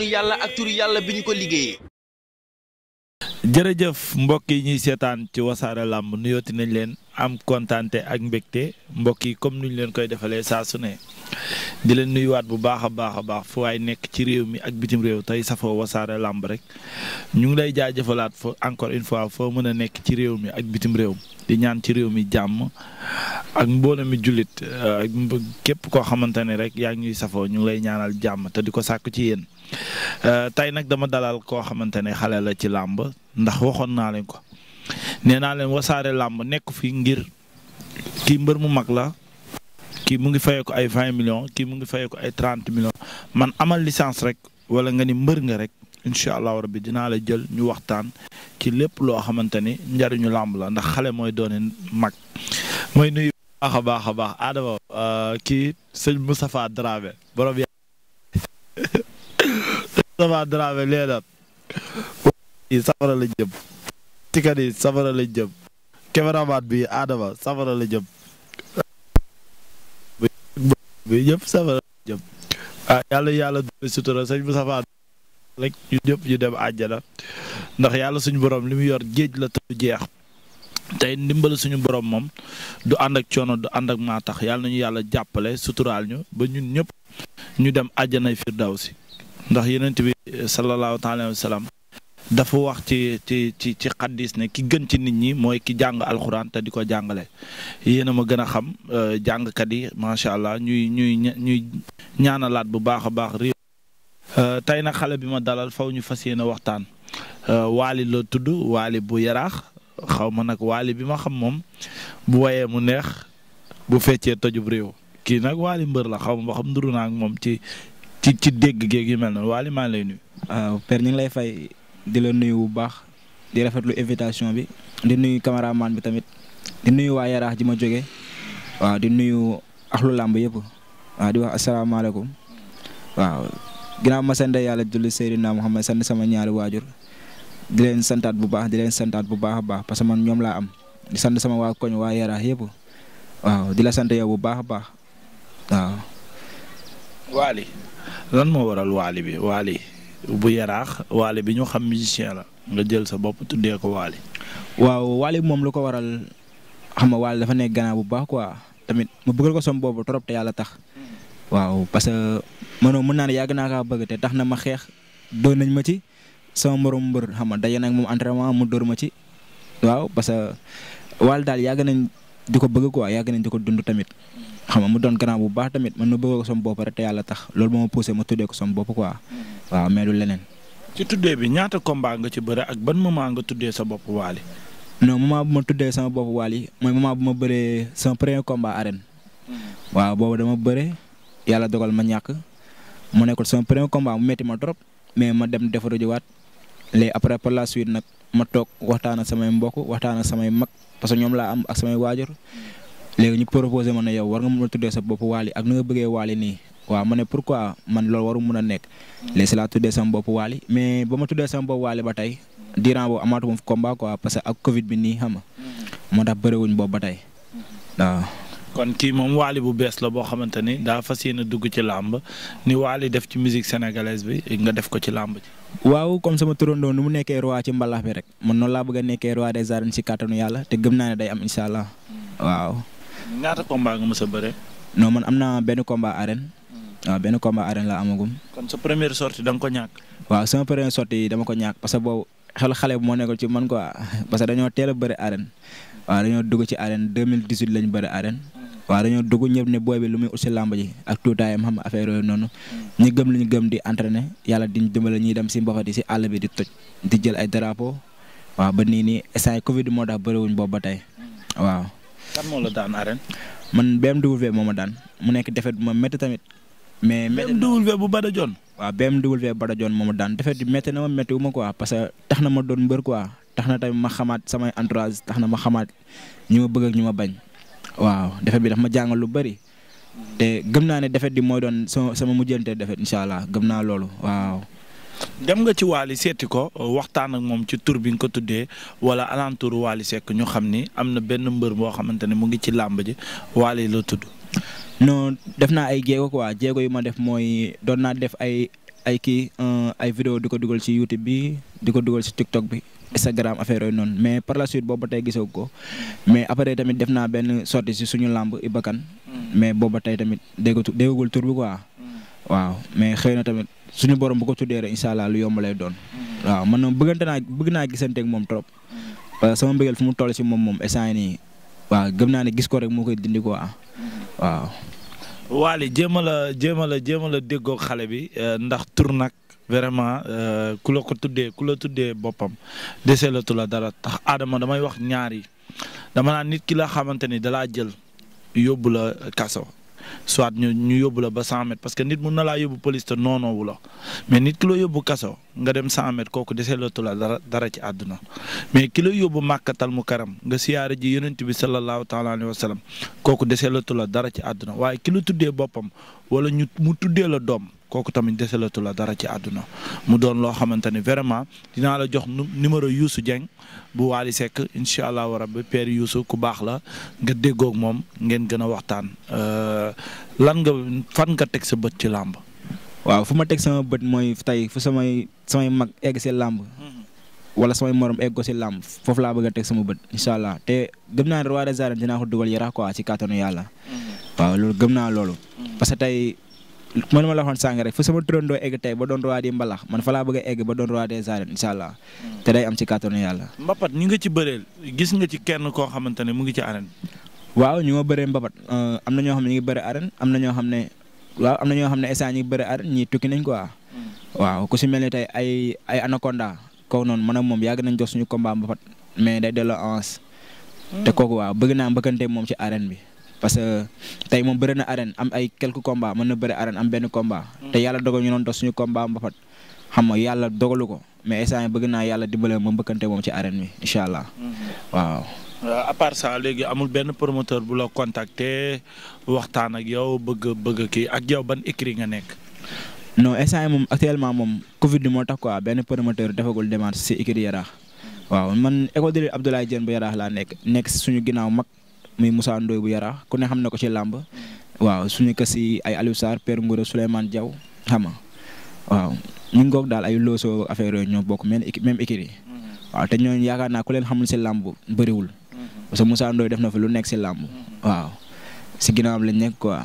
yoonu yàlla ak yàlla bi ñu ko liggéeyee. jërëjëf mbokk yi ñuy seetaan ci wasaare làmb nuyooti nañ leen. am kontante ak mbégte mbokk yi comme ni ñu leen koy defalee saa su ne di leen nuyuwaat bu baax a baax a baax fu waay nekk ci réew mi ak bitim réew tey safoo wasaare làmb rek ñu ngi lay jaajëfalaat fa encore une fois foo mën a nekk ci réew mi ak bitim réew di ñaan ci réew mi jàmm ak mboole mi jullit ak euh, képp koo xamante ne rek yaa ngi ñuy safoo ñu ngi lay ñaanal jàmm te di ko sàkk ci yéen euh, tey nag dama dalal koo xamante ne xale la ci làmb ndax waxoon naa leen ko. nee naa leen wasaare làmb nekk fi ngir kii mbër mu mag la kii mu ngi fayee ko ay 20 million kii mu ngi fayee ko ay 30 millions man amal licence rek wala nga ni mbër nga rek incha allahu rabbi dinaa la jël ñu waxtaan ci lépp loo xamante ni njariñu làmb la ndax xale mooy doone mag mooy nuyu baax a baax a baax Adama euh, kii sëñ Moustapha Dramé borom yaa Moustapha Dramé lee na safara la jëm tikat yi safara jëm cameraman bi Adama safara la jëm bi ñëpp safara la jëm ah yàlla yàlla dole sutura bu safaan rek ñu ñëpp ñu dem àjjana ndax yàlla suñu boroom li mu yor géej la te jeex tey ndimbal suñu borom moom du ànd ak coono du ànd ak maa tax yàlla nañu yàlla jàppale suturaal ñu ba ñun ñëpp ñu dem àjjanay firdawsi ndax yenent bi sallallahu taala wa dafa wax ci ci ci ci xaddis na ki gën ci nit ñi mooy ki jàng alxuraan te di ko jàngale yéen a ma gën a xam euh, jàngkat yi macha allah ñuy ñuy ñuy ñaanalaat bu baax a baax réew. Euh, tey nag xale bi ma dalal faw ñu fas yéene waxtaan euh, waali la tudd waali bu yaraax xaw ma nag waali bi ma xam moom bu wayee mu neex bu feccee tojub réew kii nag waali mbër la xaw ma ba xam nduru naa ak moom ci ci ci dégg géeg yu mel na waali maa ngi lay nuyu. waaw ñu lay fay. di la nuyu bu baax di rafetlu invitation bi di nuyu caméraman bi tamit di nuyu waa yaraax ji ma jóge waaw di nuyu axlu làmb yëpp waaw di wax asalaamaaleykum waaw ginnaaw ma sant yàlla julli Seydina Muhammad sant sama ñaari waajur di leen santaat bu baax di leen santaat bu baax a baax parce que man ñoom laa am di sant sama waa koñ waa yaraax yépp waaw di la sant yow bu baax a baax waaw. Waali lan moo waral Waali bi Waali. bu yaraax waale bi ñu xam musicien la nga jël sa bopp tuddee ko waale. waaw waale moom lu ko waral xam nga waale dafa nekk gannaaw bu baax quoi tamit ma bëggal ko som boobu trop te yàlla tax. waaw parce que mënoo mën naa ne yàgg naa kaa bëgg te tax na ma xeex doon nañ ma ci sama morom mbër xam nga daje nag moom entraînement mu dóor ma ci. waaw parce que waale daal yàgg nañ di ko bëgg ko yàgg nañ di ko dund tamit. xam nga mu doon grand bu baax tamit man ma bëgg ko sama bopp rek te yàlla tax loolu ma poussé ko sama bopp quoi. waaw mais du leneen. ci tuddee bi ñaata combat nga ci bëre ak ban moment nga tuddee sa bopp Wally. non moment bu ma tuddee sama bopp Wally mooy moment bu ma bëree sama premier combat arène. waaw boobu dama bëre yàlla dogal ma ñàkk mu nekkul sama premier combat mu métti ma trop mais ma dem defaru jiwaat léegi après par la suite nag ma toog waxtaan ak samay mbokk waxtaan ak samay mag parce que ñoom laa am ak samay waajur. léegi ñu proposé ma ne yow war nga mën a tuddee sa bopp Wally ak ni nga bëggee Wally nii waaw ma ne pourquoi man loolu waru mën a nekk léegi si laa tuddee sama bopp waali mais ba ma tuddee sama bopp Wally ba tey diiran boobu amaatuma fi combat quoi parce que ak Covid bi nii xam moo tax bëriwuñ boobu ba tey waaw. kon kii moom Wally bu bees la boo xamante ni daa fas yéene dugg ci làmb ni Wally def ci musique sénégalaise bi nga def ko ci làmb waaw comme sama turandoo nu mu nekkee roi ci mbalax bi rek man noonu laa bëgg a nekkee roi si kàttanu yàlla te gëm naa ne day am allah ñaata combat nga mës a bëre. non man am naa benn combat arène. Hmm. waaw benn combat arène la amagum. kon sa première sortie da nga ko ñàkk. waaw sama première sortie dama ko ñàkk parce que boobu xel xale moo nekkoon ci man quoi parce que dañoo teel a bëri arène. waaw dañoo dugg ci arène 2018 lañ bëri arène. Hmm. waaw dañoo dugg ñëpp ne booy bi lu muy ut si làmb ji ak tuutaayam xam noonu. Hmm. ñu gëm li ñu gëm di entraîner yàlla diñ dimbale ñuy dem si mbapat yi si àll bi di toj. di jël ay drapeau waaw ba nii nii instant Covid moo tax bëriwuñ boobu ba tey kan moo la daan arène. man BMW moo ma daan mu nekk defet bu ma métti tamit. mais BMW bu Bada John. waaw BMW Bada John moo ma daan defet bi métti na ma métti wu ma quoi parce que tax na ma doon mbër quoi tax na tamit ma xamaat samay entourage tax na ma xamaat ñu ma bëgg ak ñu ma bañ. waaw defet bi daf ma jàngal lu bëri. te gëm naa ne defet bi mooy doon sama sama mujjante defet incha allah gëm naa loolu waaw. dem nga ci Waly seeti ko waxtaan ak moom ci tur bi nga ko tuddee wala alentour Waly sekk ñu xam ni am na benn mbër boo xamante ne mu ngi ci làmb ji Waly la tudd. no def naa ay jéego quoi jéego yu ma def mooy doon naa def ay ay kii euh, ay vidéo di ko dugal ci YouTube bi di ko dugal ci TikTok bi. Instagram affaire yooyu noonu mais par la suite boobu ba tey ko mais après tamit def naa benn sortie si suñu làmb bakkan mm. mais booba ba tey tamit déggatu déggagul tur bi suñu borom bu ko tuddee rek incha allah lu yomb lay doon. waaw man moom bëggante naa bëgg naa gisante moom trop. sama mbëggeel fu mu toll si moom moom instant yii nii waaw gëm naa ne gis ko rek moo koy dindi ko ah waaw. Waly jéem a la jéem a la jéem a la déggoo xale bi euh, ndax tur nag vraiment euh, ku la ko tuddee ku la tuddee boppam dese la tu dara tax aadama damay wax ñaar yi dama naa nit ki la xamante ni dalaa jël yóbbu la kaso soit ñu ñu yóbbu la ba 100 parce que nit mun na laa yóbbu police te noonoowu la mais nit ki yóbbu kaso nga dem 100 kooku desee lootu la dara dara ci àdduna mais kilo la yóbbu màkkatal mu karam nga siyaare ji yonent bi sallallahu taala alayhi wa sallam kooku desee lootu la dara ci àdduna waaye kilo tuddee boppam wala ñu mu tuddee la doom kooku tamit deselatu la dara ci àdduna mu doon loo xamante ni vraiment dinaa la jox numéro Youssou Dieng bu waal Waly Seck incha allahu rabbi père Youssou ku baax la nga déggoog moom ngeen gën a waxtaan euh, lan nga fan nga teg sa bët ci làmb waaw fu ma teg sama bët mooy tey fu samay samay mag egg si làmb mm-hmm. wala samay morom egg ko si làmb foofu laa bëgg a teg sama bët incha allah te gëm naa ne roi des arènes dinaa ko dugal yarax quoi si kàttanu yàlla mm-hmm. waaw loolu gëm naa mm-hmm. man ma la waxoon sàng rek fa sama turandoo egg tey ba doon roi di mbalax man fa laa a egg ba doon roi des arènes incha allah hmm. te day am ci kàttanu yàlla. Mbapat ñu nga ci bëreel gis nga ci kenn koo xamante ne mu ngi ci arène. waaw ñu ma bëree Mbapat euh, am na ñoo xam ne ñu ngi bëri arène am na ñoo xam ne waaw am na ñoo xam ne instant ñu ngi tukki nañ quoi. Hmm. waaw ku si mel ni tey ay ay anaconda kooku noonu man ak moom yàgg nañ jox suñu combat Mbapat mais day delloo avance. Hmm. te kooku waaw bëgg naa mbëkkante moom ci arène bi parce que tey moom bëri na arène am ay quelques combats mën na bëri arène am benn combat. Mm. te yàlla dogal ñu doon dox suñu combat mbapat xam yàlla dogalu ko mais instant yii bëgg naa yàlla dimbale ma mbëkkante moom ci arène bi incha allah. Mm-hmm. waaw. Euh, à part léegi amul benn promoteur bu la contacter waxtaan ak yow bëgg bëgg kii ak yow ban écrit nga nekk. no instant yii moom actuellement moom Covid bi moo tax quoi benn promoteur defagul démarche si écrit yaraax mm-hmm. waaw man école de Abdoulaye Diène laa nekk nekk suñu ginnaaw mag. muy Moussa Ndoye bu Yaraax ku ne xam na ko ci làmb waaw suñu kës si ay Aliou Sarr Père Ngoura Souleymane Diaw xam nga waaw ñu ngi daal ay loosoo affaire yooyu ñoo bokk même équipe même équipe yi mm-hmm. waaw te ñooñu yaakaar naa ku leen xamul si làmb bëriwul mm-hmm. parce que Moussa def na fi lu nekk si làmb mm-hmm. waaw si ginnaawam lañ nekk quoi.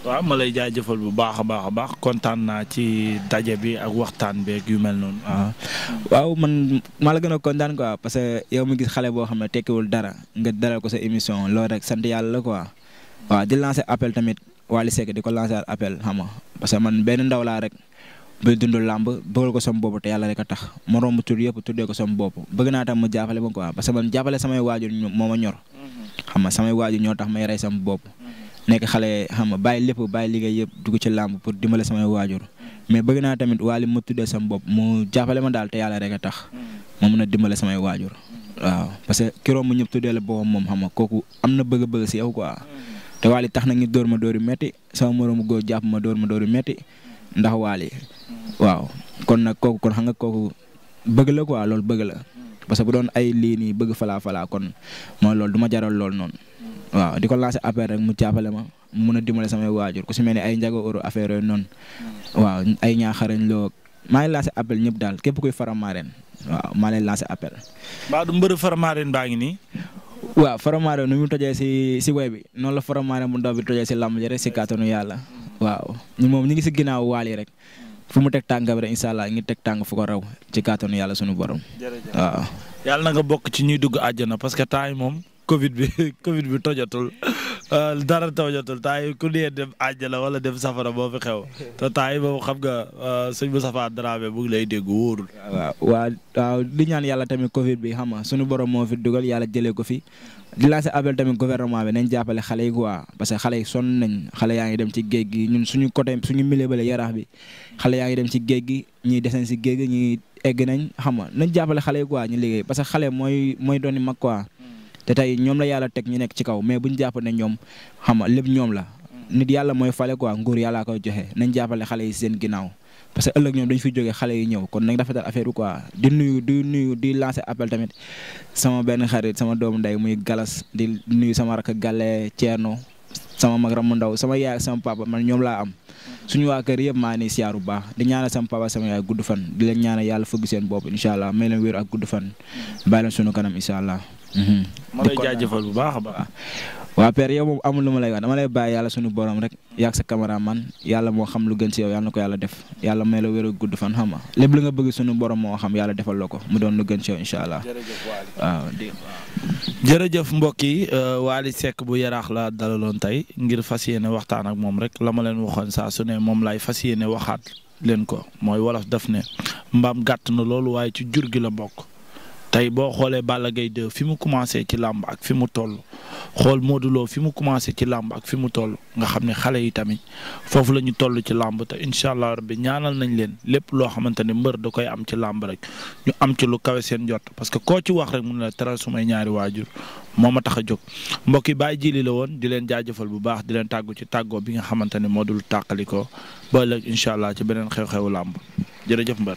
waaw ma lay jaajëfal bu baax a baax a baax kontaan naa ci daje bi ak waxtaan beeg yu mel noonu. waaw man maa la gën a kontaan quoi parce que yow mi gis xale boo xam ne tekkiwul dara nga dalal ko sa émission loolu rek sant yàlla la quoi waaw di lancer appel tamit Wally Seck di ko lancer appel xam nga parce que man benn ndaw laa rek. buy dundu làmb bëggal ko sama bopp te yàlla rek tax moroom tur yëpp tuddee ko sama bopp bëgg naa tam mu jàppale ma quoi parce que man jàppale samay waajur moom ma ñor. Mm-hmm. xam nga samay waaju ñoo tax may rey sama bopp. nekk xale xam nga bàyyi lépp bàyyi liggéey yëpp dugg ci làmb pour dimbale samay waajur mais bëgg naa tamit waa li ma tuddee sama bopp mu jàppale ma daal te yàlla rek a tax ma mën a dimbale samay waajur waaw parce que kiroom mu ñëpp tuddee la boppam moom xam nga kooku am na bëgg-bëgg si yow te waali tax na ñu dóor ma dóor yu métti sama moroomu góor jàpp ma dóor ma dóor yu métti ndax waali waaw kon nag kooku kon xam nga kooku bëgg la quoi loolu bëgg la parce que bu doon ay lii nii bëgg falaa falaa kon mooy loolu duma jaral loolu noonu waaw di ko lancé appel rek mu jàppale ma mu a dimbale samay waajur ku si mel ne ay njago euro affaire yooyu noonu hmm. waaw ay ñaaxarañ loo maa ngi lancé appel ñëpp daal képp kuy faramaareen waaw maa lay lancé appel. mbaa du mbër faramaareen baa ngi nii. waaw faramaareen nu mu tojee si si way bi noonu la faramaareen bu ndaw bi tojee si làmb ji rek si kàttanu yàlla. waaw ñu moom ñu ngi si ginnaaw waal rek. fu mu teg tàngam rek incha ngi teg tàng fu ko raw ci kàttanu yàlla sunu borom. waaw. yàlla na nga moom Covid bi Covid bi tojatul ah, dara tojatul temps yi ku nee dem àjjana wala dem safara boo fi xew te temps yi moom xam nga ah, sëñ Moustapha Dramé mu ngi lay dégg wóorul. waaw waaw waaw di ñaan yàlla tamit Covid bi xam nga sunu borom moo fi dugal yàlla jëlee ko fi di lancer appel tamit gouvernement bi nañ jàppale xale yi quoi parce que xale yi sonn nañ xale yaa ngi dem ci géej gi ñun suñu côté suñu milieu bële yaraax bi xale yaa ngi dem ci géej gi ñiy desen si géej gi ñiy egg nañ xam nga nañ jàppale xale yi quoi ñu liggéey parce que xale mooy mooy doon mag quoi. te tey ñoom la yàlla teg ñu nekk ci kaw mais bu ñu jàpp ne ñoom xam nga lépp ñoom la. nit yàlla mooy fale quoi nguur yàllaa koy joxe nañ jàppale xale yi seen ginnaaw parce que ëllëg ñoom dañ fi jógee xale yi ñëw kon nañ rafetal affaire bi quoi di nuyu di nuyu di tamit sama benn xarit sama doomu ndey muy galas di nuyu sama rakk Gale Thierno sama mag mu ndaw sama yaay ak sama papa man ñoom laa am. suñu waa kër yëpp maa ni siyaaru baax di ñaanal sama papa sama yaay gudd fan di leen ñaanal yàlla fëgg seen bopp incha allah may leen wér ak gudd fan bàyyi leen sunu kanam incha allah Mhm. ma lay jaajëfal bu baax a baax. waa per yow moom amul lu ma lay wax dama lay bàyyi yàlla sunu borom rek yàgg sa man yàlla moo xam lu gën si yow yàlla na ko yàlla def yàlla may la wér a gudd fan xam lépp lu nga bëgg sunu borom moo xam yàlla defal la ko mu doon lu gën si yow incha allah. waaw jërëjëf mbokk yi euh, Wally Seck bu yaraax la dalaloon tey ngir fas yéene waxtaan ak moom rek la ma leen waxoon saa su moom laay fas yéene waxaat leen ko mooy wolof daf ne mbaam gàtt na loolu waaye ci jur gi la bokk. tey boo xoolee Balla gay 2 fi mu commencé ci làmb ak fi mu toll xool Modou Lo fi mu commencé ci làmb ak fi mu toll nga xam ne xale yi tamit foofu la ñu toll ci làmb te incha allah rabbi ñaanal nañ leen lépp loo xamante ne mbër da koy am ci làmb rek ñu am ci lu kawe seen jot parce que koo ci wax rek mun la teral sumay ñaari waajur moo ma tax a jóg mbokk yi bàyyi jili la woon di leen jaajëfal bu baax di leen tàggu ci tàggoo bi nga xamante ne moo dul tàqalikoo ba incha allah ci beneen xew-xewu làmb jërëjëf mbër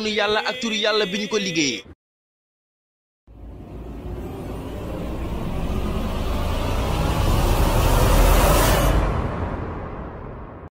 yoonu yàlla ak turu yàlla bi ñu ko liggéeyee